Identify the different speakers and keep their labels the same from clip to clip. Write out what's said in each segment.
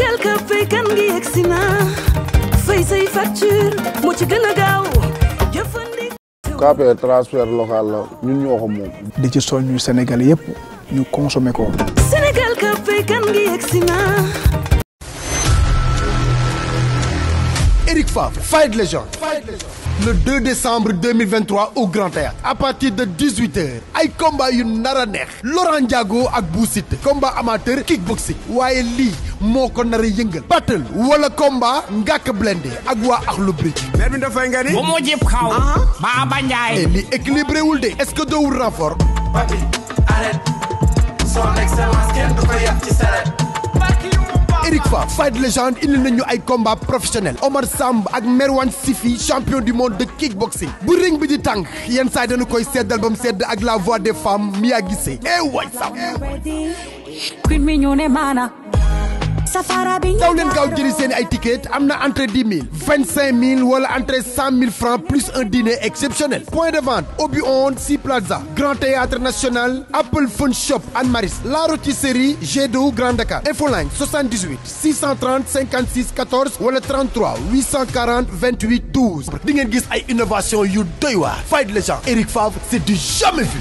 Speaker 1: bëggal ka fay kan ngi yegg si say facture moo ci gën gaaw jëfandikoo. KPA transfert local la ñun ñoo ko di ci soññu Sénégal yëpp ñu consommer ko. Sénégal ka fay kan ngi yegg le 2 décembre 2023 au Grand Théâtre à partir de 18h ay combat yu nar neex Laurent Ndiago ak Bou Siteu combat amateur kickboxing waaye lii moo ko nar a yëngal wala combat ngàkk blindé ak waa Akhlou Bridge bi dafay nga ni bu mu jib xaw Baba Ndiaye li équilibré de est-ce que doowul renfort son excellence kenn du ko yàq ci saret Eric Fa fight légende indi nañu ay combat professionnel Omar Samb ak Merwan Sifi champion du monde de kickboxing bu ring bi di tànk yenn saa dañu koy seddal ba mu sedd ak la voix des femmes Mia Guissé eh waay sam safara bi daw seen ay ticket am na entrée 10 000 25 000 wala entrée 100 000 francs plus un dîner exceptionnel point de vente Obion Sea Plaza Grand Théâtre National Apple Phone Shop Anne Maris La Rôtisserie G2 Grand Dakar Infoline 78 630 56 14 wala 33 840 28 12 di ngeen gis ay innovation yu doy waar fight les gens Eric Favre c'est du jamais vu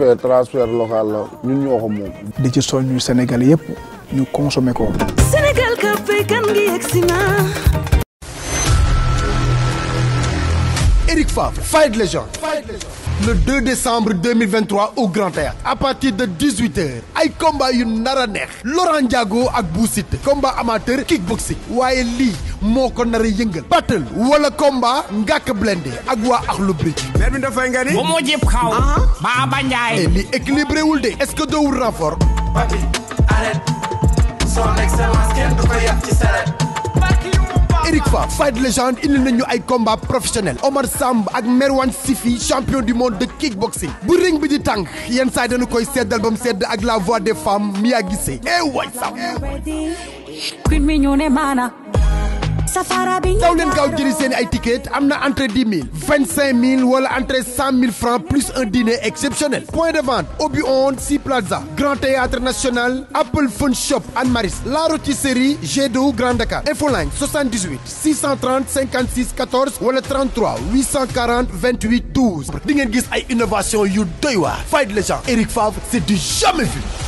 Speaker 1: jàppee transfert local la ñun ñoo ko moom. di ci soññu Sénégal yëpp ñu consomé ko. Sénégal ka baykat ngi yegg si naa. Eric le 2 décembre 2023 au Grand Théâtre à partir de 18h ay combat yu nar a neex Laurent Ndiago ak Boussite combat amateur kickboxing waaye lii moo ko nar a yëngal battle wala combat ngàkk blindé ak waa Akhlou Bridge mer dafay nga ni bu mu xaw ah. Baba Ndiaye eh, li équilibré de est-ce que doowul renfort son excellence kenn du ko yàq ci saret Eric Fa Fight Legend indi nañu ay combat professionnel Omar Samb ak Merwan Sifi champion du monde de kickboxing bu ring bi di tàng yenn saa yi koy seddal ba mu sedd ak la voix des femmes Mia Guissé eh safara bi daw seen ay ticket am na entrée 10 000 25 000 wala entrée 100 000 francs plus un dîner exceptionnel point de vente Obion Sea Plaza Grand Théâtre National Apple Phone Shop Anne La Rôtisserie G2 Grand Dakar wala 33 840 28 12 di ngeen gis ay innovation yu doy waar fight les gens Eric Favre